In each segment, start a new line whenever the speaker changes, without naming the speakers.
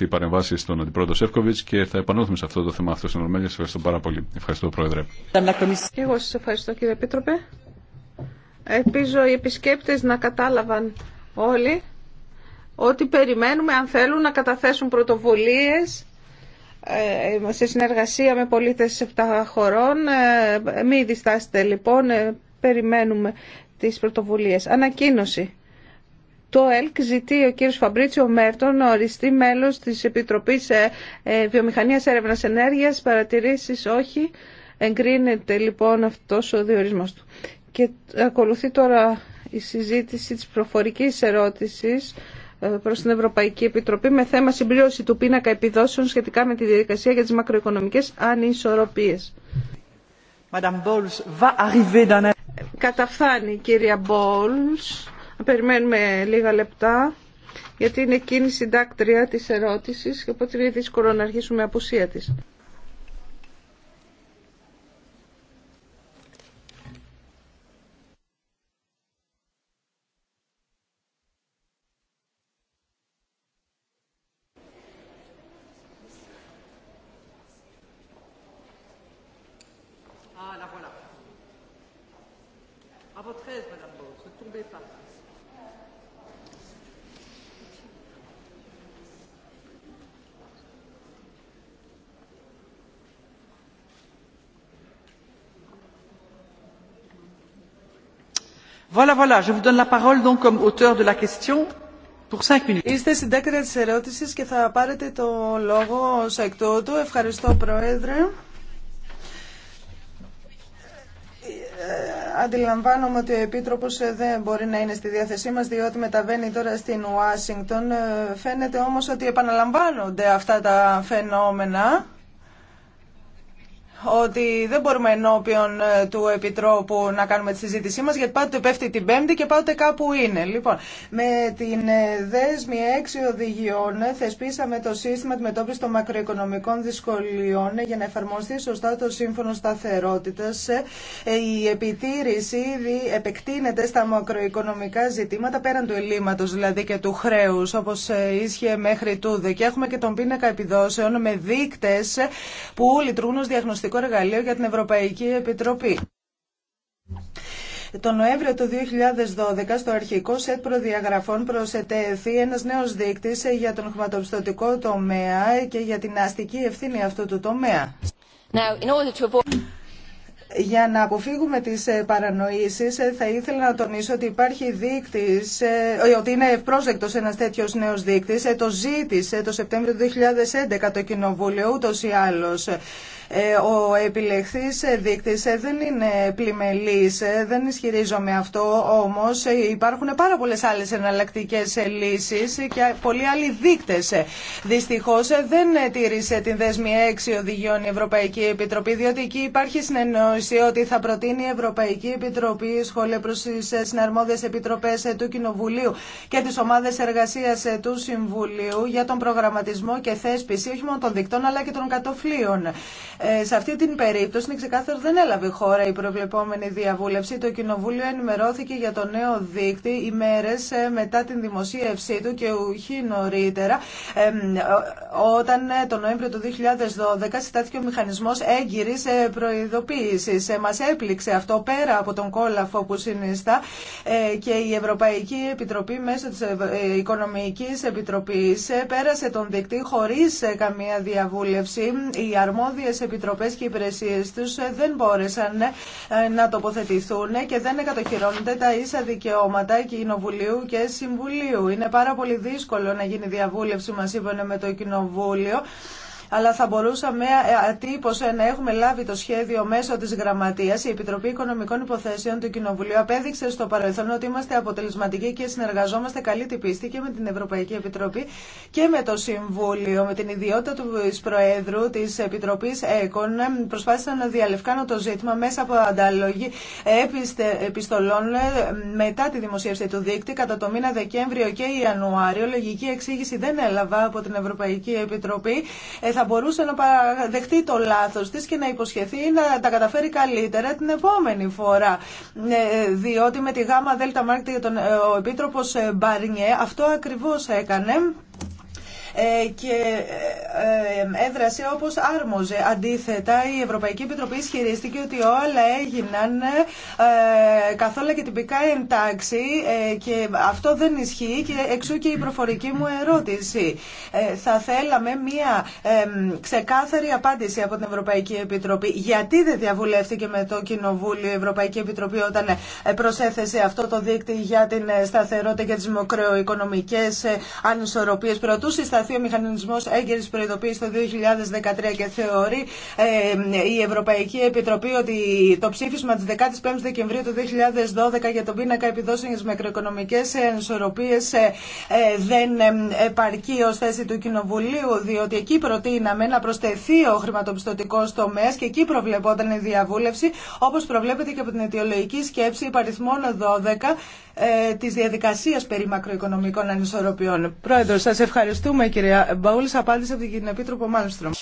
οι παρεμβάσει των αντιπρόεδρων Σεύκοβιτ και θα επανέλθουμε σε αυτό το θέμα αυτό στην Σα ευχαριστώ πάρα πολύ. Ευχαριστώ,
Πρόεδρε. εγώ σα ευχαριστώ, κύριε Επίτροπε. Ελπίζω οι επισκέπτε να κατάλαβαν όλοι ότι περιμένουμε αν θέλουν να καταθέσουν πρωτοβουλίες ε, σε συνεργασία με πολίτες 7 χωρών. Ε, Μην διστάσετε λοιπόν, ε, περιμένουμε τις πρωτοβουλίες. Ανακοίνωση. Το ΕΛΚ ζητεί ο κύριος Φαμπρίτσιο Μέρτον να οριστεί μέλος της Επιτροπής ε, ε, Βιομηχανίας Έρευνας Ενέργειας. Παρατηρήσεις όχι. Εγκρίνεται λοιπόν αυτός ο διορισμός του. Και ακολουθεί τώρα η συζήτηση της προφορικής ερώτησης ε, προς την Ευρωπαϊκή Επιτροπή με θέμα συμπλήρωση του πίνακα επιδόσεων σχετικά με τη διαδικασία για τις μακροοικονομικές ανισορροπίες. Καταφθάνει η κυρία Μπόλς Περιμένουμε λίγα λεπτά, γιατί είναι εκείνη η συντάκτρια της ερώτησης και οπότε είναι δύσκολο να αρχίσουμε απουσία της. À votre aise, Madame Bose, ne tombez
Είστε συντάκτρια της ερώτησης και θα πάρετε το λόγο ως εκ τούτου. Ευχαριστώ, Πρόεδρε. Ε, αντιλαμβάνομαι ότι ο Επίτροπος ε, δεν μπορεί να είναι στη διάθεσή μας διότι μεταβαίνει τώρα στην Ουάσιγκτον. Ε, φαίνεται όμως ότι επαναλαμβάνονται αυτά τα φαινόμενα ότι δεν μπορούμε ενώπιον ε, του Επιτρόπου να κάνουμε τη συζήτησή μας γιατί πάντοτε πέφτει την Πέμπτη και πάντοτε κάπου είναι. Λοιπόν, με την ε, δέσμη έξι οδηγιών ε, θεσπίσαμε το σύστημα αντιμετώπιση των μακροοικονομικών δυσκολιών για να εφαρμοστεί σωστά το σύμφωνο σταθερότητα. Η επιτήρηση ήδη επεκτείνεται στα μακροοικονομικά ζητήματα πέραν του ελλείμματο δηλαδή και του χρέου όπω ίσχυε μέχρι τούδε. Και έχουμε και τον πίνακα επιδόσεων με δείκτε που λειτουργούν ω διαγνωστικό σημαντικό εργαλείο για την Ευρωπαϊκή Επιτροπή. Το Νοέμβριο του 2012 στο αρχικό σετ προδιαγραφών προσετέθη ένας νέος δείκτης για τον χρηματοπιστωτικό τομέα και για την αστική ευθύνη αυτού του τομέα. Now, in order to... Για να αποφύγουμε τις ε, παρανοήσεις ε, θα ήθελα να τονίσω ότι υπάρχει δείκτης, ε, ότι είναι ευπρόσδεκτος ένας τέτοιος νέος δείκτης. Το ζήτησε το Σεπτέμβριο του 2011 το Κοινοβούλιο ούτως ή άλλως. Ε, ο επιλεχθής δείκτης ε, δεν είναι πλημελής, ε, δεν ισχυρίζομαι αυτό, όμως υπάρχουν πάρα πολλές άλλες εναλλακτικές λύσεις και πολλοί άλλοι δείκτες. Δυστυχώς δεν τήρησε την δέσμη 6 οδηγιών η Ευρωπαϊκή Επιτροπή, διότι εκεί υπάρχει συνεννόηση ότι θα προτείνει η Ευρωπαϊκή Επιτροπή σχόλια προς τις συναρμόδιες επιτροπές του Κοινοβουλίου και τις ομάδες εργασίας του Συμβουλίου για τον προγραμματισμό και θέσπιση όχι μόνο των δικτών αλλά και των κατοφλίων. Ε, σε αυτή την περίπτωση είναι ξεκάθαρο δεν έλαβε χώρα η προβλεπόμενη διαβούλευση. Το Κοινοβούλιο ενημερώθηκε για το νέο δίκτυ ημέρες ε, μετά την δημοσίευσή του και ουχή νωρίτερα όταν ε, το Νοέμβριο του 2012 συστάθηκε ο μηχανισμός έγκυρης προειδοποίησης. Μα έπληξε αυτό πέρα από τον κόλαφο που συνιστά και η Ευρωπαϊκή Επιτροπή μέσω της Οικονομικής Επιτροπής πέρασε τον δικτύ χωρίς καμία διαβούλευση επιτροπές και οι υπηρεσίες τους ε, δεν μπόρεσαν ε, να τοποθετηθούν και δεν εκατοχυρώνονται τα ίσα δικαιώματα Κοινοβουλίου και Συμβουλίου. Είναι πάρα πολύ δύσκολο να γίνει διαβούλευση, μας είπαν με το Κοινοβούλιο αλλά θα μπορούσαμε ε, ατύπως ε, να έχουμε λάβει το σχέδιο μέσω της Γραμματείας. Η Επιτροπή Οικονομικών Υποθέσεων του Κοινοβουλίου απέδειξε στο παρελθόν ότι είμαστε αποτελεσματικοί και συνεργαζόμαστε καλή την πίστη και με την Ευρωπαϊκή Επιτροπή και με το Συμβούλιο, με την ιδιότητα του Προέδρου της Επιτροπής ΕΚΟΝ. Ε, Προσπάθησα να διαλευκάνω το ζήτημα μέσα από ανταλλογή επιστολών μετά τη δημοσίευση του δείκτη κατά το μήνα Δεκέμβριο και Ιανουάριο. Λογική εξήγηση δεν έλαβα από την Ευρωπαϊκή Επιτροπή μπορούσε να παραδεχτεί το λάθος της και να υποσχεθεί να τα καταφέρει καλύτερα την επόμενη φορά. Ε, διότι με τη γάμα δέλτα μάρκτη ε, ο Επίτροπος ε, Μπαρνιέ αυτό ακριβώς έκανε ε, και ε, ε, έδρασε όπως άρμοζε. Αντίθετα, η Ευρωπαϊκή Επιτροπή ισχυρίστηκε ότι όλα έγιναν καθόλου και τυπικά εντάξει και αυτό δεν ισχύει και εξού και η προφορική μου ερώτηση. Θα θέλαμε μία ξεκάθαρη απάντηση από την Ευρωπαϊκή Επιτροπή. Γιατί δεν διαβουλεύτηκε με το Κοινοβούλιο η Ευρωπαϊκή Επιτροπή όταν προσέθεσε αυτό το δίκτυο για την σταθερότητα και τις μικροοικονομικές ανισορροπίες. Προτού προσπαθεί ο μηχανισμό έγκαιρη προειδοποίηση το 2013 και θεωρεί η Ευρωπαϊκή Επιτροπή ότι το ψήφισμα τη 15 η Δεκεμβρίου του 2012 για τον πίνακα επιδόσεων για ενισορροπίε μακροοικονομικές ε, ε, δεν επαρκεί ω θέση του Κοινοβουλίου διότι εκεί προτείναμε να προσθεθεί ο χρηματοπιστωτικό τομέα και εκεί προβλεπόταν η διαβούλευση όπω προβλέπεται και από την αιτιολογική σκέψη υπαριθμών 12 ε, της διαδικασίας περί μακροοικονομικών ανισορροπιών. Πρόεδρο, σας ευχαριστούμε κυρία Μπαούλη. Απάντησε από την Επίτροπο Μάλστρομ.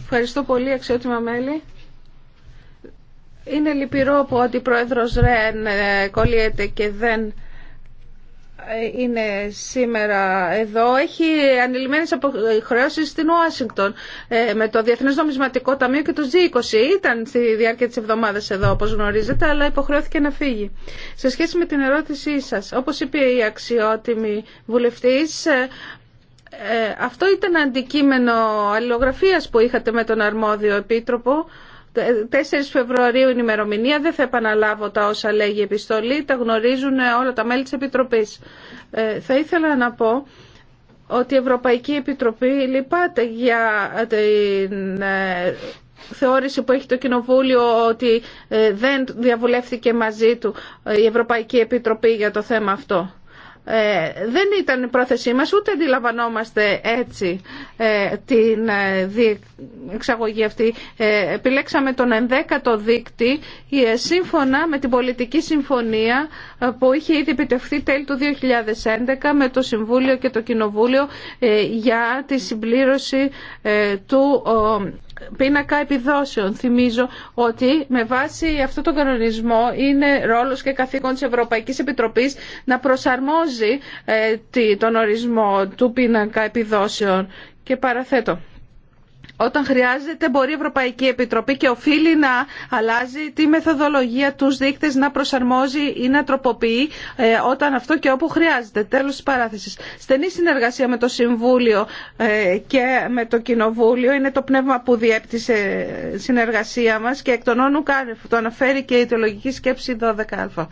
Ευχαριστώ πολύ, αξιότιμα μέλη.
Είναι λυπηρό που ο αντιπρόεδρος Ρεν ε, κολλιέται και δεν είναι σήμερα εδώ έχει ανηλυμένες χρεώσει στην Ουάσιγκτον ε, με το Διεθνές Νομισματικό Ταμείο και το G20 ήταν στη διάρκεια της εβδομάδας εδώ όπως γνωρίζετε αλλά υποχρεώθηκε να φύγει. Σε σχέση με την ερώτησή σας, όπως είπε η αξιότιμη βουλευτής ε, ε, αυτό ήταν αντικείμενο αλληλογραφίας που είχατε με τον αρμόδιο επίτροπο 4 Φεβρουαρίου είναι η ημερομηνία, δεν θα επαναλάβω τα όσα λέγει η επιστολή, τα γνωρίζουν όλα τα μέλη της Επιτροπής. Ε, θα ήθελα να πω ότι η Ευρωπαϊκή Επιτροπή λυπάται για την ε, θεώρηση που έχει το Κοινοβούλιο ότι ε, δεν διαβουλεύθηκε μαζί του η Ευρωπαϊκή Επιτροπή για το θέμα αυτό. Ε, δεν ήταν η πρόθεσή μας, ούτε αντιλαμβανόμαστε έτσι ε, την ε, εξαγωγή αυτή. Ε, επιλέξαμε τον 11ο δίκτυ ε, σύμφωνα με την πολιτική συμφωνία που είχε ήδη επιτευχθεί τέλη του 2011 με το Συμβούλιο και το Κοινοβούλιο για τη συμπλήρωση του πίνακα επιδόσεων. Θυμίζω ότι με βάση αυτόν τον κανονισμό είναι ρόλος και καθήκον της Ευρωπαϊκής Επιτροπής να προσαρμόζει ε, τον ορισμό του πίνακα επιδόσεων. Και παραθέτω όταν χρειάζεται μπορεί η Ευρωπαϊκή Επιτροπή και οφείλει να αλλάζει τη μεθοδολογία, τους δείκτες να προσαρμόζει ή να τροποποιεί ε, όταν αυτό και όπου χρειάζεται. Τέλος της παράθεσης. Στενή συνεργασία με το Συμβούλιο ε, και με το Κοινοβούλιο είναι το πνεύμα που διέπτυσε συνεργασία μας και εκ των όνου το αναφέρει και η ιδεολογική σκέψη 12α.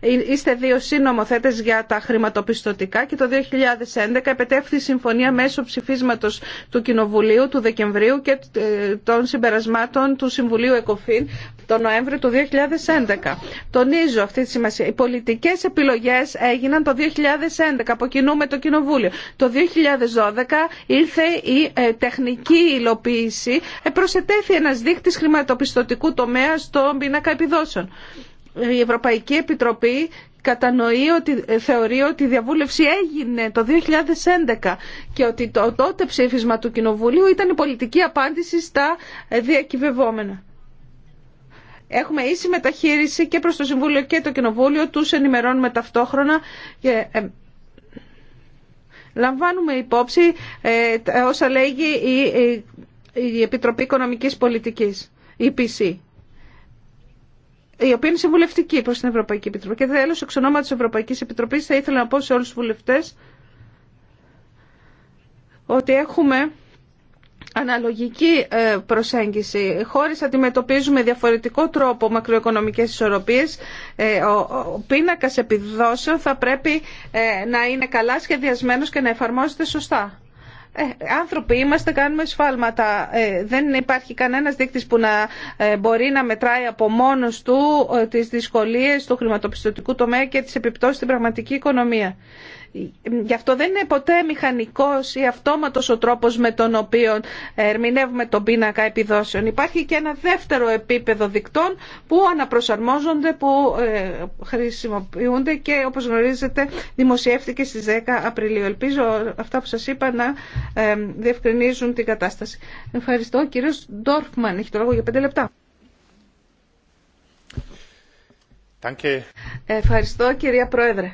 Ε, είστε δύο συνομοθέτε για τα χρηματοπιστωτικά και το 2011 επετέφθη συμφωνία μέσω ψηφίσματο του Κοινοβουλίου του Δεκεμβρίου και ε, των συμπερασμάτων του Συμβουλίου ΕΚΟΦΗΝ το Νοέμβριο του 2011. Τονίζω αυτή τη σημασία. Οι πολιτικέ επιλογέ έγιναν το 2011 από κοινού με το Κοινοβούλιο. Το 2012 ήρθε η ε, τεχνική υλοποίηση. Προσετέθη ένα δείκτη χρηματοπιστωτικού τομέα στον πίνακα επιδόσεων η Ευρωπαϊκή Επιτροπή κατανοεί ότι θεωρεί ότι η διαβούλευση έγινε το 2011 και ότι το τότε ψήφισμα του Κοινοβουλίου ήταν η πολιτική απάντηση στα διακυβευόμενα. Έχουμε ίση μεταχείριση και προς το Συμβούλιο και το Κοινοβούλιο, τους ενημερώνουμε ταυτόχρονα και ε, λαμβάνουμε υπόψη ε, όσα λέγει η Επιτροπή Οικονομικής Πολιτικής, η PC η οποία είναι συμβουλευτική προς την Ευρωπαϊκή Επιτροπή. Και τέλο εξ τη Ευρωπαϊκής Επιτροπής, θα ήθελα να πω σε όλους τους βουλευτές ότι έχουμε αναλογική ε, προσέγγιση. Χώρες αντιμετωπίζουμε διαφορετικό τρόπο μακροοικονομικές ισορροπίες. Ε, ο πίνακας επιδόσεων θα πρέπει ε, να είναι καλά σχεδιασμένο και να εφαρμόζεται σωστά. Ε, άνθρωποι είμαστε, κάνουμε σφάλματα. Ε, δεν υπάρχει κανένας δείκτης που να ε, μπορεί να μετράει από μόνος του τις δυσκολίες του χρηματοπιστωτικού τομέα και τι επιπτώσει στην πραγματική οικονομία. Γι' αυτό δεν είναι ποτέ μηχανικός ή αυτόματος ο τρόπος με τον οποίο ερμηνεύουμε τον πίνακα επιδόσεων. Υπάρχει και ένα δεύτερο επίπεδο δικτών που αναπροσαρμόζονται, που ε, χρησιμοποιούνται και όπως γνωρίζετε δημοσιεύτηκε στις 10 Απριλίου. Ελπίζω αυτά που σας είπα να ε, διευκρινίζουν την κατάσταση. Ευχαριστώ. Ο κύριος Ντόρφμαν έχει το λόγο για 5 λεπτά. Ευχαριστώ κυρία Πρόεδρε.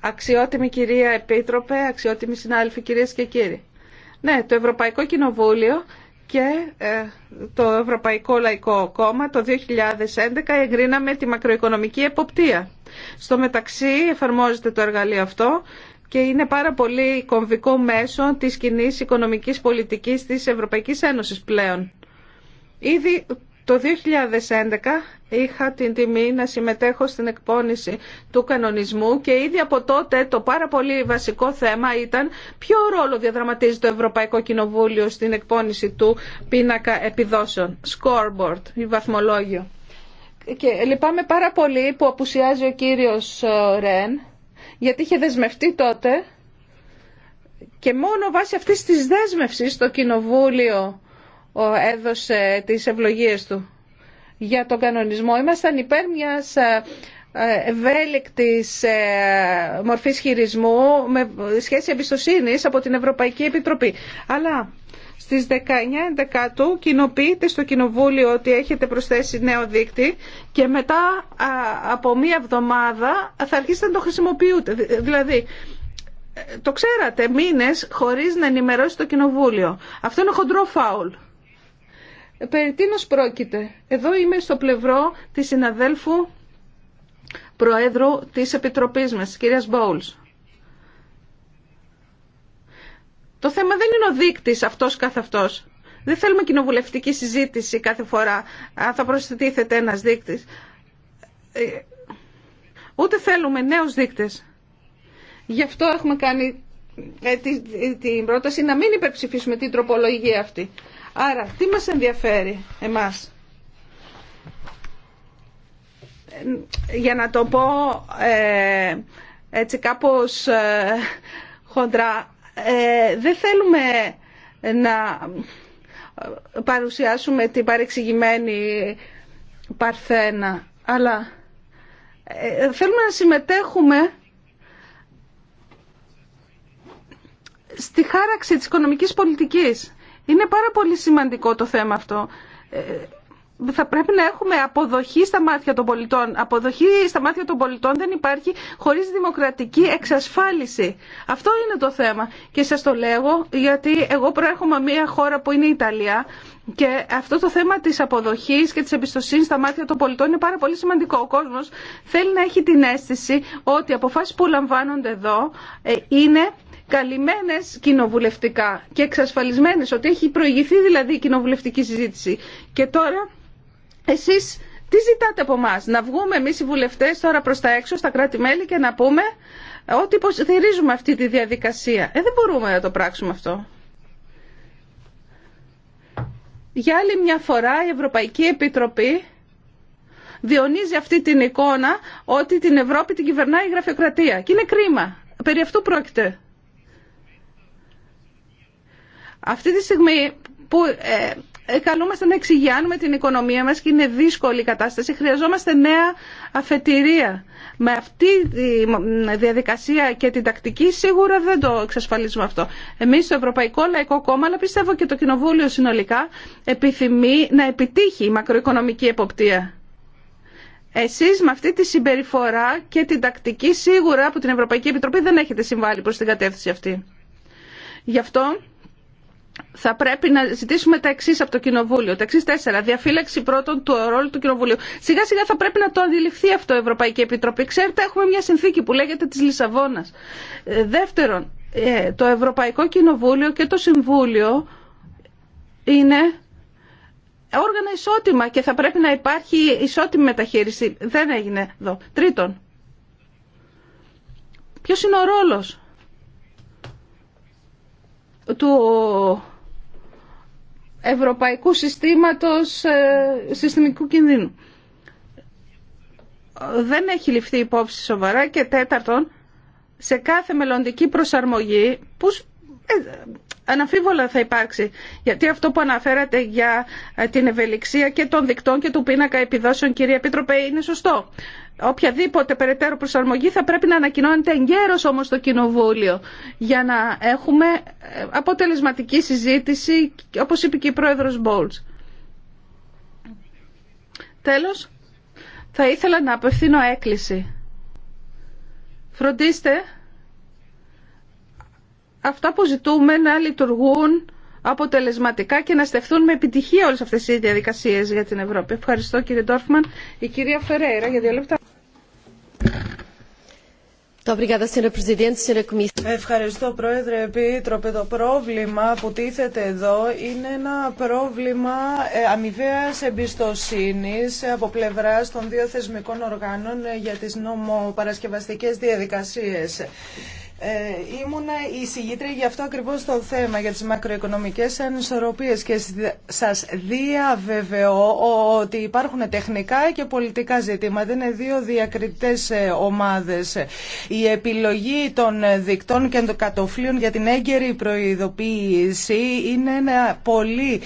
Αξιότιμη κυρία Επίτροπε, αξιότιμη συνάδελφοι κυρίες και κύριοι. Ναι, το Ευρωπαϊκό Κοινοβούλιο και ε, το Ευρωπαϊκό Λαϊκό Κόμμα το 2011 εγκρίναμε τη μακροοικονομική εποπτεία. Στο μεταξύ εφαρμόζεται το εργαλείο αυτό και είναι πάρα πολύ κομβικό μέσο της κοινή οικονομικής πολιτικής της Ευρωπαϊκής Ένωσης πλέον. Το 2011 είχα την τιμή να συμμετέχω στην εκπόνηση του κανονισμού και ήδη από τότε το πάρα πολύ βασικό θέμα ήταν ποιο ρόλο διαδραματίζει το Ευρωπαϊκό Κοινοβούλιο στην εκπόνηση του πίνακα επιδόσεων, scoreboard, η βαθμολόγιο. Και λυπάμαι πάρα πολύ που απουσιάζει ο κύριος ε, Ρεν, γιατί είχε δεσμευτεί τότε και μόνο βάσει αυτής της δέσμευσης το Κοινοβούλιο έδωσε τις ευλογίες του για τον κανονισμό. Ήμασταν υπέρ μιας ε, ευέλικτης ε, μορφής χειρισμού με σχέση εμπιστοσύνης από την Ευρωπαϊκή Επιτροπή. Αλλά στις 19 10 κοινοποιείται στο Κοινοβούλιο ότι έχετε προσθέσει νέο δίκτυ και μετά από μία εβδομάδα θα αρχίσετε να το χρησιμοποιούτε. Δηλαδή, ε, το ξέρατε μήνες χωρίς να ενημερώσει το Κοινοβούλιο. Αυτό είναι χοντρό φάουλ περί τίνος πρόκειται. Εδώ είμαι στο πλευρό της συναδέλφου Προέδρου της Επιτροπής μας, κυρίας Μπόουλς. Το θέμα δεν είναι ο δείκτης αυτός καθ' αυτός. Δεν θέλουμε κοινοβουλευτική συζήτηση κάθε φορά, αν θα προσθετήθεται ένας δείκτης. Ε, ούτε θέλουμε νέους δείκτες. Γι' αυτό έχουμε κάνει ε, την πρόταση να μην υπερψηφίσουμε την τροπολογία αυτή. Άρα, τι μας ενδιαφέρει εμάς. Ε, για να το πω ε, έτσι κάπως χοντρά, δεν θέλουμε να παρουσιάσουμε την παρεξηγημένη παρθένα, αλλά θέλουμε να συμμετέχουμε στη χάραξη της οικονομικής πολιτικής. Είναι πάρα πολύ σημαντικό το θέμα αυτό. Ε, θα πρέπει να έχουμε αποδοχή στα μάτια των πολιτών. Αποδοχή στα μάτια των πολιτών δεν υπάρχει χωρίς δημοκρατική εξασφάλιση. Αυτό είναι το θέμα. Και σας το λέγω γιατί εγώ προέρχομαι από μια χώρα που είναι η Ιταλία και αυτό το θέμα της αποδοχής και της εμπιστοσύνης στα μάτια των πολιτών είναι πάρα πολύ σημαντικό. Ο κόσμος θέλει να έχει την αίσθηση ότι οι αποφάσεις που λαμβάνονται εδώ ε, είναι καλυμμένε κοινοβουλευτικά και εξασφαλισμένε ότι έχει προηγηθεί δηλαδή η κοινοβουλευτική συζήτηση. Και τώρα εσεί τι ζητάτε από εμά, να βγούμε εμεί οι βουλευτέ τώρα προ τα έξω, στα κράτη-μέλη και να πούμε ότι υποστηρίζουμε αυτή τη διαδικασία. Ε, δεν μπορούμε να το πράξουμε αυτό. Για άλλη μια φορά η Ευρωπαϊκή Επιτροπή διονύζει αυτή την εικόνα ότι την Ευρώπη την κυβερνάει η γραφειοκρατία. Και είναι κρίμα. Περί αυτού πρόκειται. Αυτή τη στιγμή που ε, ε, καλούμαστε να εξηγιάνουμε την οικονομία μας και είναι δύσκολη η κατάσταση, χρειαζόμαστε νέα αφετηρία. Με αυτή τη διαδικασία και την τακτική σίγουρα δεν το εξασφαλίζουμε αυτό. Εμείς το Ευρωπαϊκό Λαϊκό Κόμμα, αλλά πιστεύω και το Κοινοβούλιο συνολικά, επιθυμεί να επιτύχει η μακροοικονομική εποπτεία. Εσείς με αυτή τη συμπεριφορά και την τακτική σίγουρα από την Ευρωπαϊκή Επιτροπή δεν έχετε συμβάλει προς την κατεύθυνση αυτή. Γι' αυτό θα πρέπει να ζητήσουμε τα εξή από το Κοινοβούλιο. Τα εξή τέσσερα. Διαφύλαξη πρώτον του ρόλου του Κοινοβουλίου. Σιγά σιγά θα πρέπει να το αντιληφθεί αυτό η Ευρωπαϊκή Επιτροπή. Ξέρετε, έχουμε μια συνθήκη που λέγεται τη Λισαβόνα. Ε, δεύτερον, ε, το Ευρωπαϊκό Κοινοβούλιο και το Συμβούλιο είναι όργανα ισότιμα και θα πρέπει να υπάρχει ισότιμη μεταχείριση. Δεν έγινε εδώ. Τρίτον, ποιος είναι ο ρόλος του ευρωπαϊκού συστήματος ε, συστημικού κινδύνου. Δεν έχει ληφθεί υπόψη σοβαρά και τέταρτον, σε κάθε μελλοντική προσαρμογή, που ε, αναφίβολα θα υπάρξει, γιατί αυτό που αναφέρατε για ε, την ευελιξία και των δικτών και του πίνακα επιδόσεων, κυρία Επίτροπε, είναι σωστό οποιαδήποτε περαιτέρω προσαρμογή θα πρέπει να ανακοινώνεται εγκαίρως όμως το Κοινοβούλιο για να έχουμε ε, αποτελεσματική συζήτηση όπως είπε και η Πρόεδρος Μπόλτς. Τέλος, θα ήθελα να απευθύνω έκκληση. Φροντίστε αυτά που ζητούμε να λειτουργούν αποτελεσματικά και να στεφθούν με επιτυχία όλες αυτές οι διαδικασίες για την Ευρώπη. Ευχαριστώ κύριε Ντόρφμαν. Η κυρία Φερέιρα για δύο λεπτά.
Ευχαριστώ Πρόεδρε Επίτροπε. Το πρόβλημα που τίθεται εδώ είναι ένα πρόβλημα ε, αμοιβαία εμπιστοσύνη από πλευρά των δύο θεσμικών οργάνων για τι νομοπαρασκευαστικέ διαδικασίε. Ε, η συγγήτρια για αυτό ακριβώς το θέμα, για τις μακροοικονομικές ανισορροπίες και σας διαβεβαιώ ότι υπάρχουν τεχνικά και πολιτικά ζητήματα. Είναι δύο διακριτές ε, ομάδες. Η επιλογή των δικτών και των κατοφλίων για την έγκαιρη προειδοποίηση είναι ένα πολύ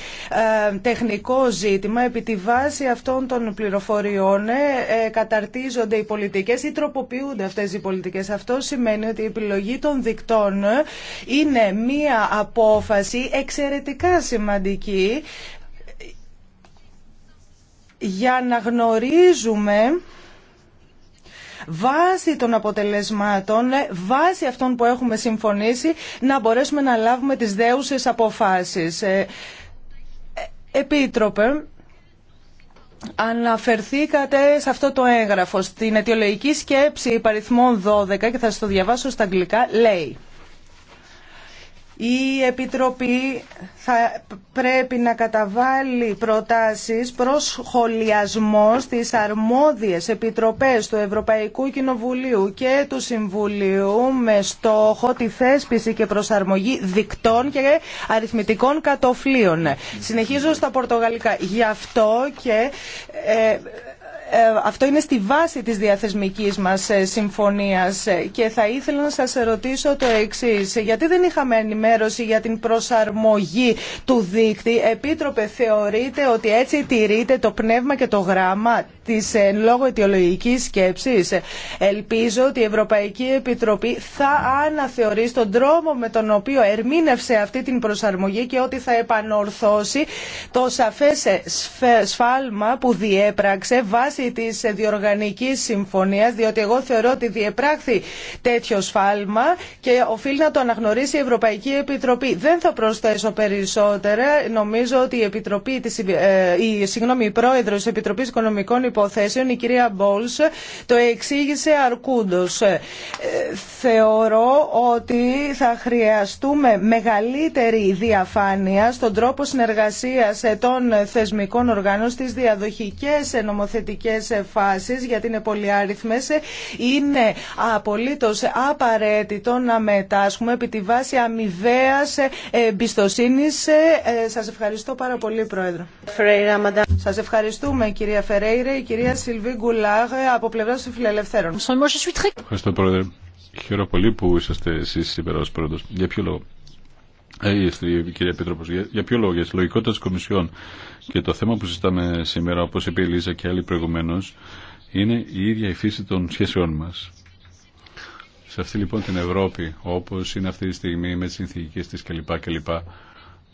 ε, τεχνικό ζήτημα. Επί τη βάση αυτών των πληροφοριών ε, καταρτίζονται οι πολιτικές ή τροποποιούνται αυτές οι πολιτικές. Αυτό σημαίνει ότι η επιλογή επιλογή των δικτών είναι μία απόφαση εξαιρετικά σημαντική για να γνωρίζουμε βάσει των αποτελεσμάτων, βάσει αυτών που έχουμε συμφωνήσει, να μπορέσουμε να λάβουμε τις δέουσες αποφάσεις. Ε, ε, Επίτροπε, Αναφερθήκατε σε αυτό το έγγραφο, στην αιτιολογική σκέψη υπαριθμών 12 και θα σας το διαβάσω στα αγγλικά, λέει η Επιτροπή θα πρέπει να καταβάλει προτάσεις προς σχολιασμό στις αρμόδιες επιτροπές του Ευρωπαϊκού Κοινοβουλίου και του Συμβουλίου με στόχο τη θέσπιση και προσαρμογή δικτών και αριθμητικών κατοφλίων. Συνεχίζω στα πορτογαλικά. Γι' αυτό και... Ε, ε, αυτό είναι στη βάση της διαθεσμικής μας ε, συμφωνίας ε, και θα ήθελα να σας ρωτήσω το εξής. Γιατί δεν είχαμε ενημέρωση για την προσαρμογή του δίκτυ. Επίτροπε, θεωρείτε ότι έτσι τηρείται το πνεύμα και το γράμμα της λόγω αιτιολογικής σκέψης. Ελπίζω ότι η Ευρωπαϊκή Επιτροπή θα αναθεωρεί τον τρόμο με τον οποίο ερμήνευσε αυτή την προσαρμογή και ότι θα επανορθώσει το σαφές σφάλμα που διέπραξε βάσει βάση της διοργανικής συμφωνίας, διότι εγώ θεωρώ ότι διεπράχθη τέτοιο σφάλμα και οφείλει να το αναγνωρίσει η Ευρωπαϊκή Επιτροπή. Δεν θα προσθέσω περισσότερα. Νομίζω ότι η, Επιτροπή ε, η, συγγνώμη, η πρόεδρος της Επιτροπής Οικονομικών Υποθέσεων, η κυρία Μπόλς, το εξήγησε αρκούντος. Ε, θεωρώ ότι θα χρειαστούμε μεγαλύτερη διαφάνεια στον τρόπο συνεργασίας των θεσμικών οργάνων διαφορετικές φάσεις γιατί είναι πολυάριθμες είναι απολύτως απαραίτητο να μετάσχουμε επί τη βάση αμοιβαίας εμπιστοσύνης. Ε, σας ευχαριστώ πάρα πολύ Πρόεδρο. Σας ευχαριστούμε κυρία Φερέιρε, η κυρία Σιλβί Γκουλάγ από πλευράς των Φιλελευθέρων.
Ευχαριστώ Πρόεδρε. Χαίρομαι πολύ που είσαστε εσείς σήμερα ως πρόεδρος. Για ποιο λόγο η ε, κυρία Επίτροπος, για, για ποιο λόγο, για τη λογικότητα της Κομισιόν και το θέμα που συζητάμε σήμερα, όπως είπε η Λίζα και άλλοι προηγουμένως, είναι η ίδια η φύση των σχέσεών μας. Σε αυτή λοιπόν την Ευρώπη, όπως είναι αυτή τη στιγμή με τι συνθήκε τη κλπ. κλπ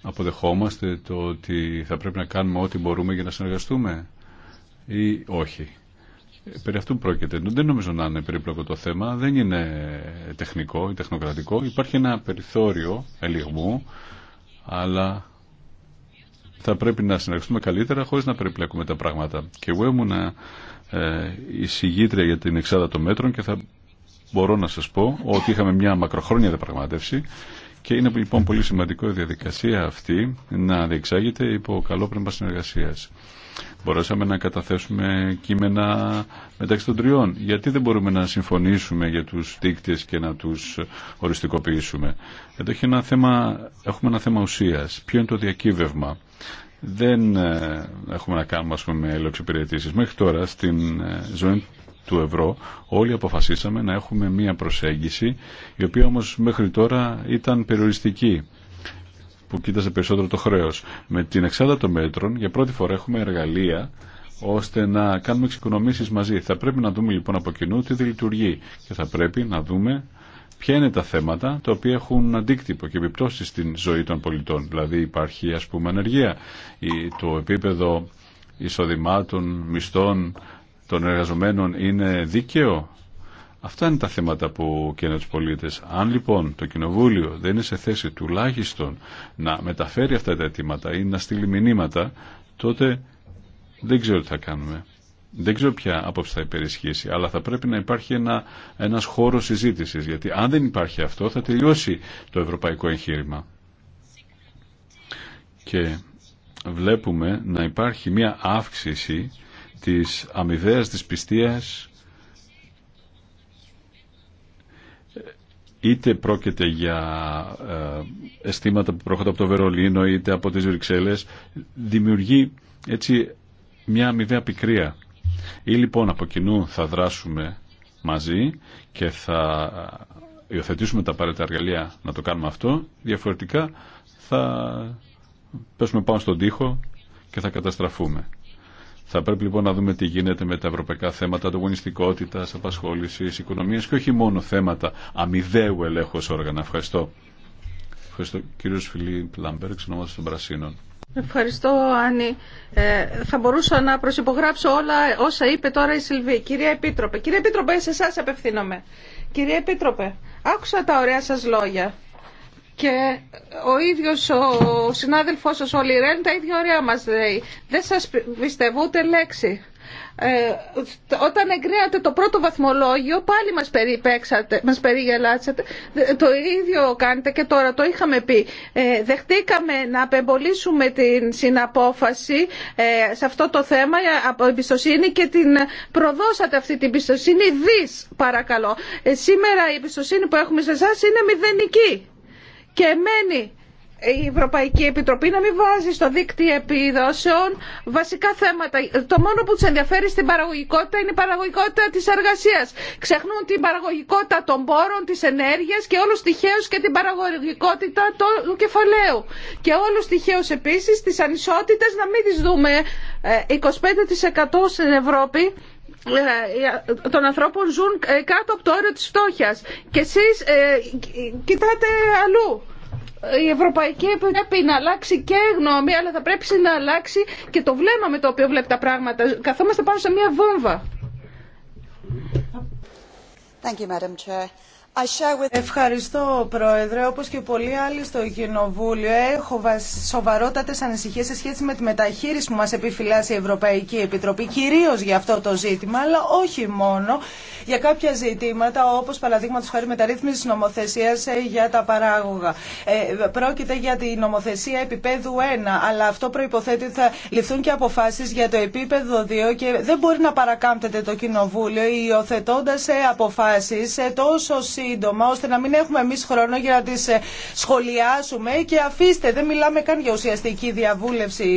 αποδεχόμαστε το ότι θα πρέπει να κάνουμε ό,τι μπορούμε για να συνεργαστούμε ή όχι. Περί αυτού πρόκειται. Δεν νομίζω να είναι περίπλοκο το θέμα, δεν είναι τεχνικό ή τεχνοκρατικό. Υπάρχει ένα περιθώριο ελιγμού, αλλά θα πρέπει να συνεργαστούμε καλύτερα χωρίς να περιπλέκουμε τα πράγματα. Και εγώ ήμουν εισηγήτρια για την εξάδα των μέτρων και θα μπορώ να σας πω ότι είχαμε μια μακροχρόνια διαπραγμάτευση και είναι λοιπόν πολύ σημαντικό η διαδικασία αυτή να διεξάγεται υπό καλό πνεύμα συνεργασίας. Μπορέσαμε να καταθέσουμε κείμενα μεταξύ των τριών. Γιατί δεν μπορούμε να συμφωνήσουμε για τους δείκτες και να τους οριστικοποιήσουμε. Εδώ έχει ένα θέμα, έχουμε ένα θέμα ουσίας. Ποιο είναι το διακύβευμα. Δεν ε, έχουμε να κάνουμε ας με ελοξυπηρετήσεις. Μέχρι τώρα στην ε, ζωή του ευρώ όλοι αποφασίσαμε να έχουμε μία προσέγγιση η οποία όμως μέχρι τώρα ήταν περιοριστική που κοίταζε περισσότερο το χρέος. Με την εξάδα των μέτρων για πρώτη φορά έχουμε εργαλεία ώστε να κάνουμε εξοικονομήσει μαζί. Θα πρέπει να δούμε λοιπόν από κοινού τι λειτουργεί και θα πρέπει να δούμε ποια είναι τα θέματα τα οποία έχουν αντίκτυπο και επιπτώσει στην ζωή των πολιτών. Δηλαδή υπάρχει ας πούμε ανεργία, το επίπεδο εισοδημάτων, μισθών των εργαζομένων είναι δίκαιο Αυτά είναι τα θέματα που καίνε του πολίτε. Αν λοιπόν το Κοινοβούλιο δεν είναι σε θέση τουλάχιστον να μεταφέρει αυτά τα αιτήματα ή να στείλει μηνύματα, τότε δεν ξέρω τι θα κάνουμε. Δεν ξέρω ποια άποψη θα υπερισχύσει, αλλά θα πρέπει να υπάρχει ένα, ένας χώρος συζήτησης, γιατί αν δεν υπάρχει αυτό θα τελειώσει το ευρωπαϊκό εγχείρημα. Και βλέπουμε να υπάρχει μια αύξηση της αμοιβαίας της πιστίας είτε πρόκειται για ε, αισθήματα που προχωρούν από το Βερολίνο είτε από τις Βρυξέλλες δημιουργεί έτσι μια αμοιβαία πικρία. Ή λοιπόν από κοινού θα δράσουμε μαζί και θα ε, υιοθετήσουμε τα απαραίτητα να το κάνουμε αυτό, διαφορετικά θα πέσουμε πάνω στον τοίχο και θα καταστραφούμε. Θα πρέπει λοιπόν να δούμε τι γίνεται με τα ευρωπαϊκά θέματα ανταγωνιστικότητα, απασχόληση, οικονομία και όχι μόνο θέματα αμοιβαίου ελέγχου όργανα. Ευχαριστώ. Ευχαριστώ κύριο Φιλίπ Λαμπέρξ, ονόματο των Πρασίνων.
Ευχαριστώ, Άννη. Ε, θα μπορούσα να προσυπογράψω όλα όσα είπε τώρα η Σιλβή. Κυρία Επίτροπε, κύριε Επίτροπε, σε εσά απευθύνομαι. Κυρία Επίτροπε, άκουσα τα ωραία σα λόγια και ο ίδιος ο συνάδελφός σας ο Λιρέν τα ίδια ωραία μα λέει. Δεν σας πιστεύω ούτε λέξη. Ε, όταν εγκρέατε το πρώτο βαθμολόγιο πάλι μας, περιπέξατε, μας περιγελάτσατε το ίδιο κάνετε και τώρα το είχαμε πει ε, δεχτήκαμε να απεμπολίσουμε την συναπόφαση ε, σε αυτό το θέμα από εμπιστοσύνη και την προδώσατε αυτή την εμπιστοσύνη δις παρακαλώ σήμερα η εμπιστοσύνη που έχουμε σε εσά είναι μηδενική και μένει η Ευρωπαϊκή Επιτροπή να μην βάζει στο δίκτυο επιδόσεων βασικά θέματα. Το μόνο που του ενδιαφέρει στην παραγωγικότητα είναι η παραγωγικότητα τη εργασία. Ξεχνούν την παραγωγικότητα των πόρων, τη ενέργεια και όλου τυχαίω και την παραγωγικότητα του κεφαλαίου. Και όλου τυχαίω επίση τι ανισότητε να μην τι δούμε ε, 25% στην Ευρώπη των ανθρώπων ζουν ε, κάτω από το όριο της φτώχειας. Και εσείς ε, κοιτάτε αλλού. Η Ευρωπαϊκή πρέπει να αλλάξει και γνώμη, αλλά θα πρέπει να αλλάξει και το βλέμμα με το οποίο βλέπει τα πράγματα.
Καθόμαστε πάνω σε μια βόμβα. Thank you, Madam Chair. Ευχαριστώ, Πρόεδρε. Όπω και πολλοί άλλοι στο Κοινοβούλιο, έχω σοβαρότατε ανησυχίε σε σχέση με τη μεταχείριση που μα επιφυλάσσει η Ευρωπαϊκή Επιτροπή, κυρίω για αυτό το ζήτημα, αλλά όχι μόνο. Για κάποια ζητήματα, όπω παραδείγματο χάρη μεταρρύθμιση νομοθεσία ε, για τα παράγωγα. Ε, πρόκειται για τη νομοθεσία επίπεδου 1, αλλά αυτό προποθέτει ότι θα ληφθούν και αποφάσει για το επίπεδο 2 και δεν μπορεί να παρακάμπτεται το Κοινοβούλιο υιοθετώντα ε, αποφάσει ε, τόσο σύντομα σύντομα, ώστε να μην έχουμε εμεί χρόνο για να τι ε, σχολιάσουμε. Και αφήστε, δεν μιλάμε καν για ουσιαστική διαβούλευση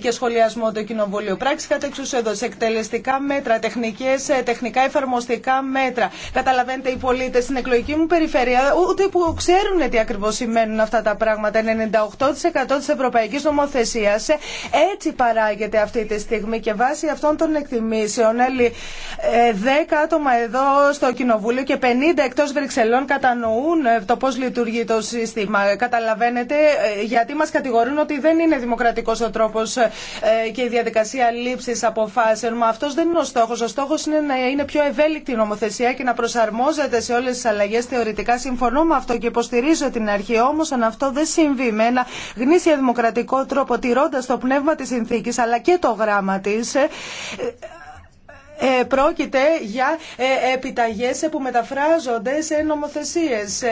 και σχολιασμό το Κοινοβούλιο. Πράξη κατά σε εκτελεστικά μέτρα, τεχνικέ, ε, τεχνικά εφαρμοστικά μέτρα. Καταλαβαίνετε, οι πολίτε στην εκλογική μου περιφέρεια ούτε που ξέρουν τι ακριβώ σημαίνουν αυτά τα πράγματα. 98% τη ευρωπαϊκή νομοθεσία ε, έτσι παράγεται αυτή τη στιγμή και βάσει αυτών των εκτιμήσεων, 10 άτομα εδώ στο Κοινοβούλιο και 50 εκτό Βρυξελών κατανοούν ε, το πώ λειτουργεί το σύστημα. Καταλαβαίνετε ε, γιατί μα κατηγορούν ότι δεν είναι δημοκρατικό ο τρόπο ε, και η διαδικασία λήψη αποφάσεων. Μα αυτός δεν είναι ο στόχο. Ο στόχο είναι να είναι πιο ευέλικτη η νομοθεσία και να προσαρμόζεται σε όλε τι αλλαγέ θεωρητικά. Συμφωνώ με αυτό και υποστηρίζω την αρχή. όμω, αν αυτό δεν συμβεί με ένα γνήσια δημοκρατικό τρόπο τηρώντα το πνεύμα τη συνθήκη, αλλά και το γράμμα τη. Ε, πρόκειται για ε, ε, επιταγές που μεταφράζονται σε νομοθεσίες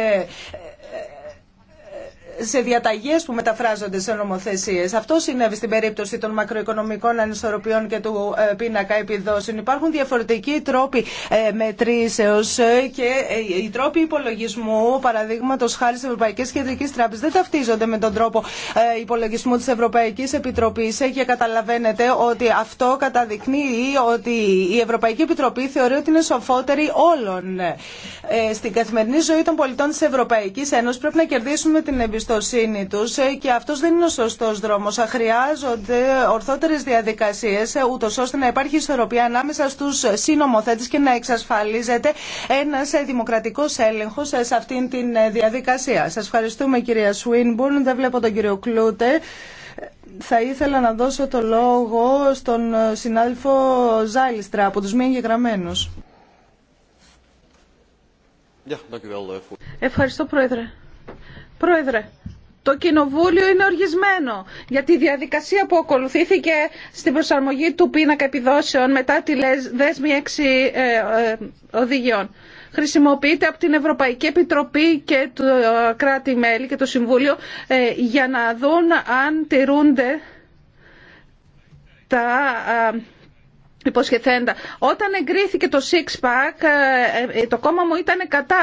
σε διαταγές που μεταφράζονται σε νομοθεσίες. Αυτό συνέβη στην περίπτωση των μακροοικονομικών ανισορροπιών και του ε, πίνακα επιδόσεων. Υπάρχουν διαφορετικοί τρόποι ε, μετρήσεως ε, και οι τρόποι υπολογισμού, παραδείγματο χάρη της Ευρωπαϊκής Κεντρικής Τράπεζας, δεν ταυτίζονται με τον τρόπο υπολογισμού της Ευρωπαϊκής Επιτροπής και καταλαβαίνετε ότι αυτό καταδεικνύει ότι η Ευρωπαϊκή Επιτροπή θεωρεί ότι είναι σοφότερη όλων. Στην καθημερινή ζωή των πολιτών της Ευρωπαϊκής Ένωσης πρέπει να κερδίσουμε την εμπιστοσύνη εμπιστοσύνη του ε, και αυτός δεν είναι ο σωστός δρόμος. Χρειάζονται ορθότερες διαδικασίες ε, ούτως ώστε να υπάρχει ισορροπία ανάμεσα στους συνομοθέτες και να εξασφαλίζεται ένας ε, δημοκρατικός έλεγχος σε αυτήν την διαδικασία. Σας ευχαριστούμε κυρία Σουίνμπουρν, δεν βλέπω τον κύριο Κλούτε. Θα ήθελα να δώσω το λόγο στον συνάδελφο Ζάλιστρα από τους μη εγγεγραμμένου. Ευχαριστώ Πρόεδρε. Πρόεδρε, το Κοινοβούλιο
είναι οργισμένο για τη διαδικασία που ακολουθήθηκε στην προσαρμογή του πίνακα επιδόσεων μετά τη δέσμη έξι ε, ε, οδηγιών. Χρησιμοποιείται από την Ευρωπαϊκή Επιτροπή και το κράτη-μέλη και το Συμβούλιο ε, για να δουν αν τηρούνται τα υποσχεθέντα. Όταν εγκρίθηκε το Six Pack, ε, ε, το κόμμα μου ήταν κατά,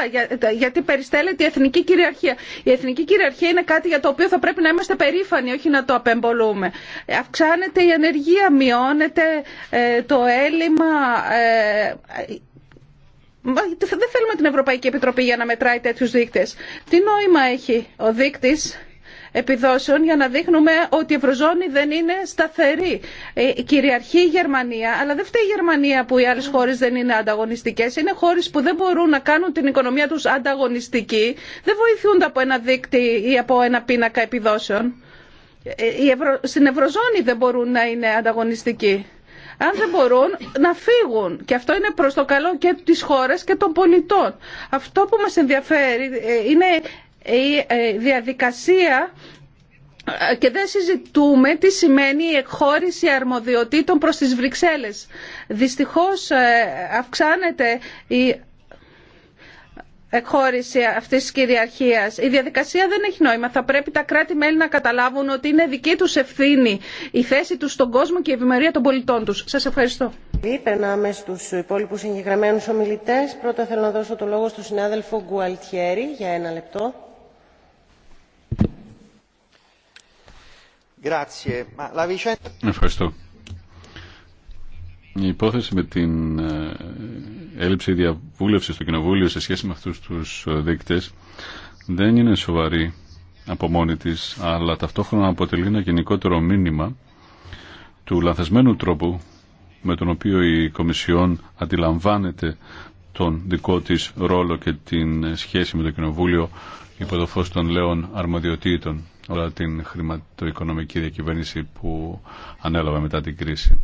γιατί περιστέλλεται η εθνική κυριαρχία. Η εθνική κυριαρχία είναι κάτι για το οποίο θα πρέπει να είμαστε περήφανοι, όχι να το απεμπολούμε. Ε, αυξάνεται η ανεργία, μειώνεται το έλλειμμα. Δεν θέλουμε την Ευρωπαϊκή Επιτροπή για να μετράει τέτοιους δείκτες. Τι νόημα έχει ο δείκτης επιδόσεων για να δείχνουμε ότι η Ευρωζώνη δεν είναι σταθερή. Ε, κυριαρχεί η Γερμανία, αλλά δεν φταίει η Γερμανία που οι άλλε χώρε δεν είναι ανταγωνιστικές. Είναι χώρε που δεν μπορούν να κάνουν την οικονομία του ανταγωνιστική. Δεν βοηθούνται από ένα δίκτυ ή από ένα πίνακα επιδόσεων. Ε, στην Ευρωζώνη δεν μπορούν να είναι ανταγωνιστικοί. Αν δεν μπορούν να φύγουν. Και αυτό είναι προς το καλό και της χώρας και των πολιτών. Αυτό που μας ενδιαφέρει ε, είναι η ε, διαδικασία ε, και δεν συζητούμε τι σημαίνει η εκχώρηση αρμοδιοτήτων προς τις Βρυξέλλες. Δυστυχώς ε, αυξάνεται η εκχώρηση αυτής της κυριαρχίας. Η διαδικασία δεν έχει νόημα. Θα πρέπει τα κράτη-μέλη να καταλάβουν ότι είναι δική τους ευθύνη η θέση τους στον κόσμο και η ευημερία των πολιτών τους. Σας ευχαριστώ.
Περνάμε στου υπόλοιπου εγγεγραμμένου ομιλητέ. Πρώτα θέλω να δώσω το λόγο στον συνάδελφο Γκουαλτιέρη για ένα λεπτό.
Ευχαριστώ. Η υπόθεση με την ε, έλλειψη διαβούλευση στο Κοινοβούλιο σε σχέση με αυτούς τους ε, δείκτες δεν είναι σοβαρή από μόνη της, αλλά ταυτόχρονα αποτελεί ένα γενικότερο μήνυμα του λανθασμένου τρόπου με τον οποίο η Κομισιόν αντιλαμβάνεται τον δικό της ρόλο και την ε, σχέση με το Κοινοβούλιο υπό το φως των λέων αρμοδιοτήτων όλα την χρηματοοικονομική διακυβέρνηση που ανέλαβε μετά την κρίση.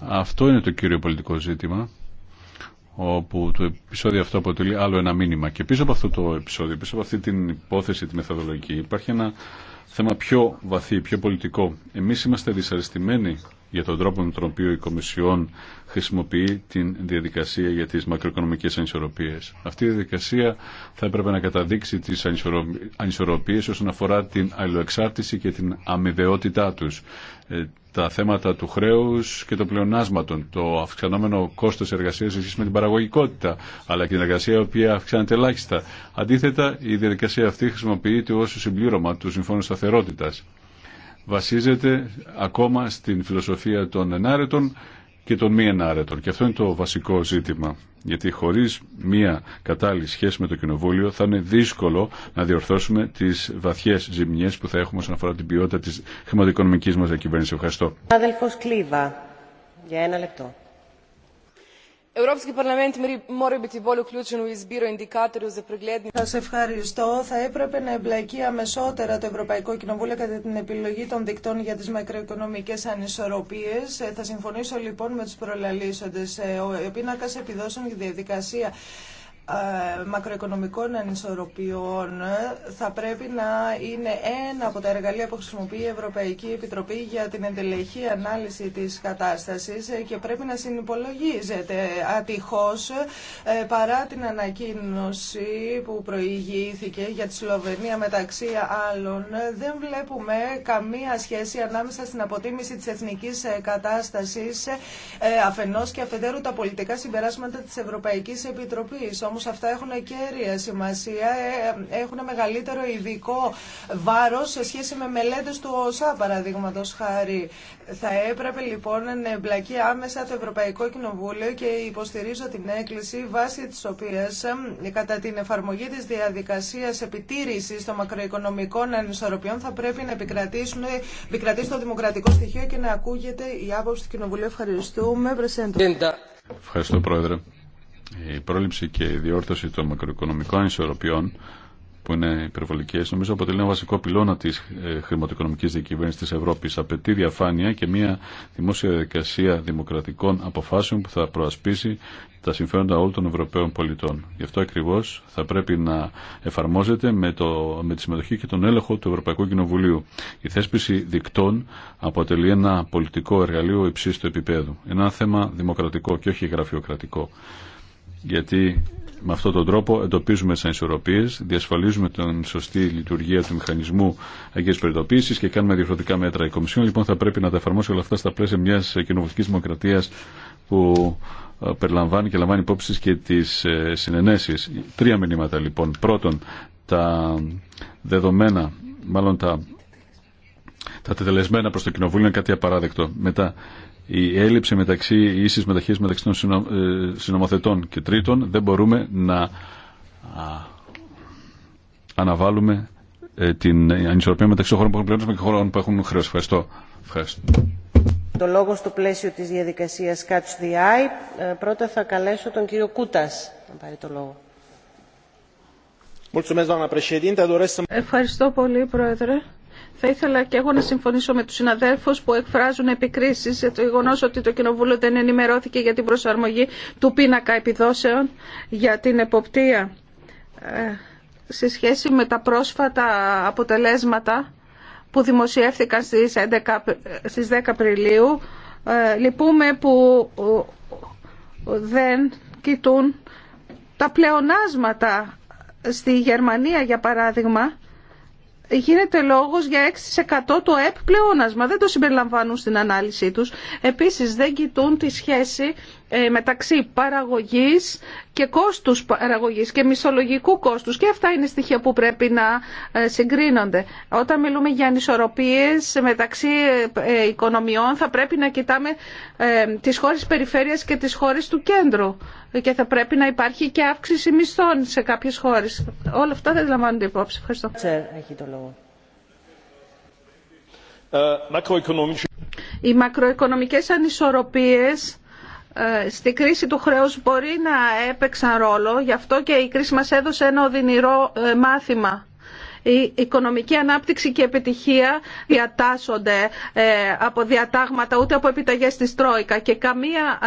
Αυτό είναι το κύριο πολιτικό ζήτημα όπου το επεισόδιο αυτό αποτελεί άλλο ένα μήνυμα. Και πίσω από αυτό το επεισόδιο, πίσω από αυτή την υπόθεση, τη μεθοδολογική, υπάρχει ένα θέμα πιο βαθύ, πιο πολιτικό. Εμείς είμαστε δυσαρεστημένοι για τον τρόπο με τον οποίο η Κομισιόν χρησιμοποιεί την διαδικασία για τις μακροοικονομικές ανισορροπίες. Αυτή η διαδικασία θα έπρεπε να καταδείξει τις ανισορροπίες όσον αφορά την αλληλοεξάρτηση και την αμοιβαιότητά τους. Ε, τα θέματα του χρέους και των πλεονάσματων, το αυξανόμενο κόστος εργασίας σε σχέση με την παραγωγικότητα, αλλά και την εργασία η οποία αυξάνεται ελάχιστα. Αντίθετα, η διαδικασία αυτή χρησιμοποιείται ως συμπλήρωμα του Συμφώνου Σταθερότητας βασίζεται ακόμα στην φιλοσοφία των ενάρετων και των μη ενάρετων. Και αυτό είναι το βασικό ζήτημα. Γιατί χωρί μια κατάλληλη σχέση με το Κοινοβούλιο θα είναι δύσκολο να διορθώσουμε τι βαθιέ ζημιέ που θα έχουμε όσον αφορά την ποιότητα τη χρηματοοικονομική μα διακυβέρνηση. Ευχαριστώ.
Αδελφός Κλίβα, για ένα λεπτό. Το ευρωπαϊκό κοινοβούλιο ευχαριστώ. Θα έπρεπε να εμπλακεί αμεσότερα το Ευρωπαϊκό Κοινοβούλιο κατά την επιλογή των δικτών για τις μακροοικονομικές ανισορροπίες. Ε, θα συμφωνήσω λοιπόν με τους προλαλήσοντες. Ε, ο πίνακας επιδόσεων για διαδικασία ε, μακροοικονομικών ανισορροπιών θα πρέπει να είναι ένα από τα εργαλεία που χρησιμοποιεί η Ευρωπαϊκή Επιτροπή για την εντελεχή ανάλυση της κατάστασης και πρέπει να συνυπολογίζεται ατυχώς ε, παρά την ανακοίνωση που προηγήθηκε για τη Σλοβενία μεταξύ άλλων δεν βλέπουμε καμία σχέση ανάμεσα στην αποτίμηση της εθνικής ε, κατάστασης αφενός και αφεντέρου τα πολιτικά συμπεράσματα της Ευρωπαϊκής Επιτροπής όμως αυτά έχουν κέρια σημασία, ε, έχουν μεγαλύτερο ειδικό βάρος σε σχέση με μελέτες του ΩΣΑ, παραδείγματο χάρη. Θα έπρεπε λοιπόν να εμπλακεί άμεσα το Ευρωπαϊκό Κοινοβούλιο και υποστηρίζω την έκκληση βάσει της οποίας ε, κατά την εφαρμογή της διαδικασίας επιτήρησης των μακροοικονομικών ανισορροπιών θα πρέπει να επικρατήσει το δημοκρατικό στοιχείο και να ακούγεται η άποψη του Κοινοβουλίου. Ευχαριστούμε.
Ευχαριστώ Πρόεδρε η πρόληψη και η διόρθωση των μακροοικονομικών ισορροπιών που είναι υπερβολικέ, νομίζω αποτελεί ένα βασικό πυλώνα τη ε, χρηματοοικονομική διακυβέρνηση τη Ευρώπη. Απαιτεί διαφάνεια και μια δημόσια διαδικασία δημοκρατικών αποφάσεων που θα προασπίσει τα συμφέροντα όλων των Ευρωπαίων πολιτών. Γι' αυτό ακριβώ θα πρέπει να εφαρμόζεται με, το, με τη συμμετοχή και τον έλεγχο του Ευρωπαϊκού Κοινοβουλίου. Η θέσπιση δικτών αποτελεί ένα πολιτικό εργαλείο υψίστου επίπεδου. Ένα θέμα δημοκρατικό και όχι γραφειοκρατικό γιατί με αυτόν τον τρόπο εντοπίζουμε σαν ισορροπίε, διασφαλίζουμε την σωστή λειτουργία του μηχανισμού αγκές περιτοποίηση και κάνουμε διαφορετικά μέτρα. Η Κομισιόν λοιπόν θα πρέπει να τα εφαρμόσει όλα αυτά στα πλαίσια μια κοινοβουλικής δημοκρατία που ε, περιλαμβάνει και λαμβάνει υπόψη και τις ε, συνενέσεις. Τρία μηνύματα λοιπόν. Πρώτον, τα δεδομένα, μάλλον τα τα τετελεσμένα προς το Κοινοβούλιο είναι κάτι απαράδεκτο. Μετά, η έλλειψη μεταξύ ίση ίσης μεταξύ των συνο, ε, συνομοθετών και τρίτων δεν μπορούμε να αναβάλουμε ε, την ανισορροπία μεταξύ των χωρών που έχουν πλεόνασμα και χωρών που έχουν χρέο. Ευχαριστώ. Ευχαριστώ.
Το λόγο στο πλαίσιο της διαδικασίας Catch the Eye. Ε, πρώτα θα καλέσω τον κύριο Κούτας να πάρει το λόγο.
Ευχαριστώ πολύ, Πρόεδρε. Θα ήθελα και εγώ να συμφωνήσω με τους συναδέλφους που εκφράζουν επικρίσει. για το γεγονό ότι το Κοινοβούλιο δεν ενημερώθηκε για την προσαρμογή του πίνακα επιδόσεων για την εποπτεία ε, σε σχέση με τα πρόσφατα αποτελέσματα που δημοσιεύθηκαν στις, 11, στις 10 Απριλίου. Ε, λυπούμε που ε, δεν κοιτούν τα πλεονάσματα στη Γερμανία, για παράδειγμα, γίνεται λόγος για 6% το ΕΠ πλεόνασμα. Δεν το συμπεριλαμβάνουν στην ανάλυση τους. Επίσης δεν κοιτούν τη σχέση ε, μεταξύ παραγωγής και κόστους παραγωγής και μισολογικού κόστους και αυτά είναι στοιχεία που πρέπει να ε, συγκρίνονται. Όταν μιλούμε για ανισορροπίες μεταξύ ε, οικονομιών θα πρέπει να κοιτάμε τις χώρες περιφέρειας και τις χώρες του κέντρου και θα πρέπει να υπάρχει και αύξηση μισθών σε κάποιες χώρες. Όλα αυτά δεν λαμβάνονται υπόψη. Ευχαριστώ. Οι μακροοικονομικές ανισορροπίες ε, στη κρίση του χρέους μπορεί να έπαιξαν ρόλο, γι' αυτό και η κρίση μας έδωσε ένα οδυνηρό ε, μάθημα. Η οικονομική ανάπτυξη και επιτυχία διατάσσονται ε, από διατάγματα ούτε από επιταγές της Τρόικα και καμία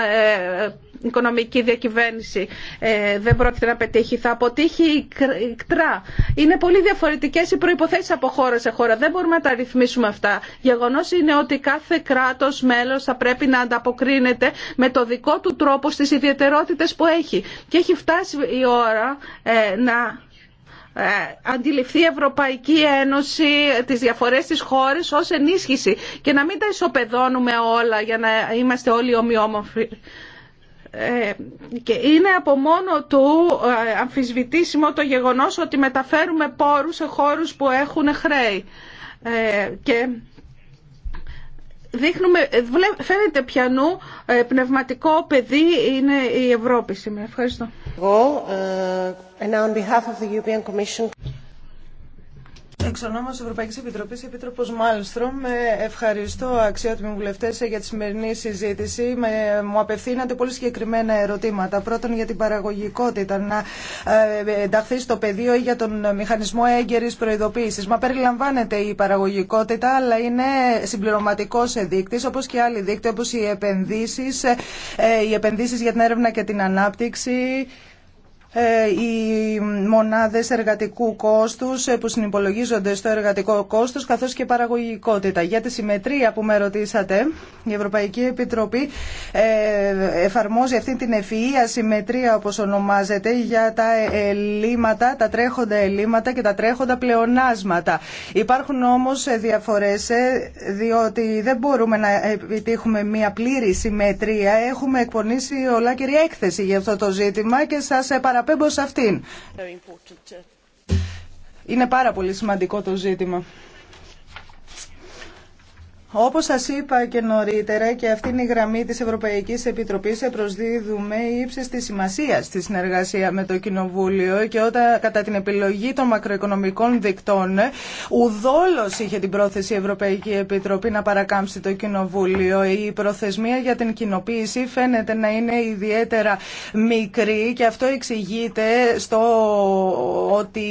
οικονομική διακυβέρνηση ε, δεν πρόκειται να πετύχει. Θα αποτύχει η κτρά. Είναι πολύ διαφορετικέ οι προποθέσει από χώρα σε χώρα. Δεν μπορούμε να τα ρυθμίσουμε αυτά. γεγονό είναι ότι κάθε κράτο μέλο θα πρέπει να ανταποκρίνεται με το δικό του τρόπο στι ιδιαίτερότητε που έχει. Και έχει φτάσει η ώρα ε, να ε, αντιληφθεί η Ευρωπαϊκή Ένωση τις διαφορές της χώρες ως ενίσχυση και να μην τα ισοπεδώνουμε όλα για να είμαστε όλοι ομοιόμορφοι. Ε, και είναι από μόνο του ε, αμφισβητήσιμο το γεγονός ότι μεταφέρουμε πόρους σε χώρους που έχουν χρέη. Ε, και δείχνουμε, φαίνεται πιανού πνευματικό παιδί είναι η Ευρώπη σήμερα. Ευχαριστώ.
Εξ ονόμας Ευρωπαϊκή Επιτροπή, Επίτροπο Μάλστρομ, ευχαριστώ αξιότιμοι βουλευτέ για τη σημερινή συζήτηση. Με, μου απευθύνατε πολύ συγκεκριμένα ερωτήματα. Πρώτον για την παραγωγικότητα να ε, ενταχθεί στο πεδίο ή για τον μηχανισμό έγκαιρη προειδοποίηση. Μα περιλαμβάνεται η παραγωγικότητα, αλλά είναι συμπληρωματικός δείκτη, όπω και άλλοι δείκτε, όπω οι επενδύσει, ε, ε, οι επενδύσεις για την έρευνα και την ανάπτυξη, ε, οι μονάδες εργατικού κόστους ε, που συνυπολογίζονται στο εργατικό κόστος καθώς και παραγωγικότητα. Για τη συμμετρία που με ρωτήσατε, η Ευρωπαϊκή Επιτροπή ε, εφαρμόζει αυτή την ευφυΐα συμμετρία όπως ονομάζεται για τα ελλείμματα, τα τρέχοντα ελλείμματα και τα τρέχοντα πλεονάσματα. Υπάρχουν όμως διαφορές διότι δεν μπορούμε να επιτύχουμε μια πλήρη συμμετρία. Έχουμε εκπονήσει ολάκερη έκθεση για αυτό το ζήτημα και σας παραπάνω αυτήν. Uh, Είναι πάρα πολύ σημαντικό το ζήτημα. Όπως σας είπα και νωρίτερα και αυτή είναι η γραμμή της Ευρωπαϊκής Επιτροπής προσδίδουμε ύψη τη σημασία στη συνεργασία με το Κοινοβούλιο και όταν κατά την επιλογή των μακροοικονομικών δικτών ουδόλως είχε την πρόθεση η Ευρωπαϊκή Επιτροπή να παρακάμψει το Κοινοβούλιο. Η προθεσμία για την κοινοποίηση φαίνεται να είναι ιδιαίτερα μικρή και αυτό εξηγείται στο ότι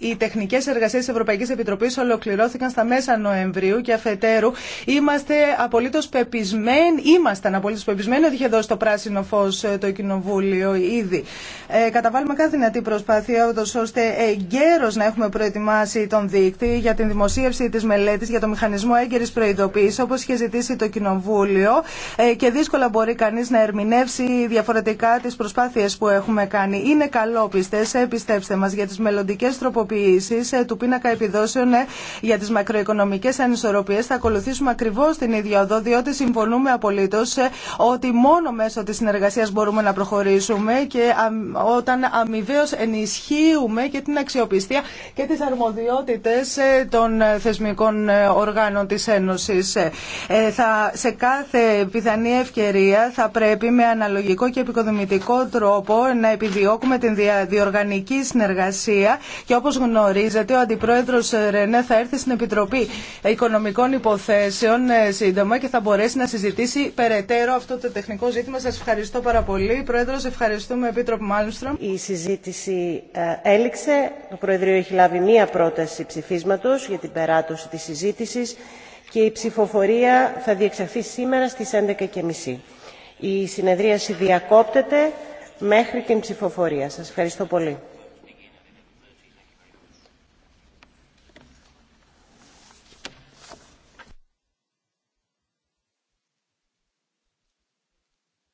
οι τεχνικές εργασίες της Ευρωπαϊκής Επιτροπής ολοκληρώθηκαν στα μέσα Νοεμβρίου και αφετέρου Είμαστε απολύτω πεπισμένοι, ήμασταν απολύτω πεπισμένοι ότι είχε δώσει το πράσινο φω ε, το Κοινοβούλιο ήδη. Ε, καταβάλουμε κάθε δυνατή προσπάθεια, ώστε εγκαίρω να έχουμε προετοιμάσει τον δείκτη για την δημοσίευση τη μελέτη για το μηχανισμό έγκαιρη προειδοποίηση, όπω είχε ζητήσει το Κοινοβούλιο. Ε, και δύσκολα μπορεί κανεί να ερμηνεύσει διαφορετικά τι προσπάθειε που έχουμε κάνει. Είναι καλόπιστε, ε, πιστέψτε μα, για τι μελλοντικέ τροποποιήσει του πίνακα επιδόσεων για τι μακροοικονομικέ ανισορροπίε. Θα ακολουθήσουμε ακολουθήσουμε ακριβώ την ίδια οδό, διότι συμφωνούμε απολύτω ε, ότι μόνο μέσω τη συνεργασία μπορούμε να προχωρήσουμε και όταν αμοιβαίω ενισχύουμε και την αξιοπιστία και τι αρμοδιότητε ε, των θεσμικών ε, οργάνων τη Ένωση. σε κάθε πιθανή ευκαιρία θα πρέπει με αναλογικό και επικοδομητικό τρόπο να επιδιώκουμε την διοργανική συνεργασία και όπως γνωρίζετε ο Αντιπρόεδρος Ρενέ θα έρθει στην Επιτροπή Οικονομικών Υποθέσεων Υποθέσεων ε, σύντομα και θα μπορέσει να συζητήσει περαιτέρω αυτό το τεχνικό ζήτημα. Σας ευχαριστώ πάρα πολύ. Πρόεδρο, ευχαριστούμε Επίτροπο Μάλμστρομ. Η συζήτηση ε, έληξε. Το Προεδρείο έχει λάβει μία πρόταση ψηφίσματος για την περάτωση της συζήτησης και η ψηφοφορία θα διεξαχθεί σήμερα στις 11.30. Η συνεδρίαση διακόπτεται μέχρι την ψηφοφορία. Σας ευχαριστώ πολύ.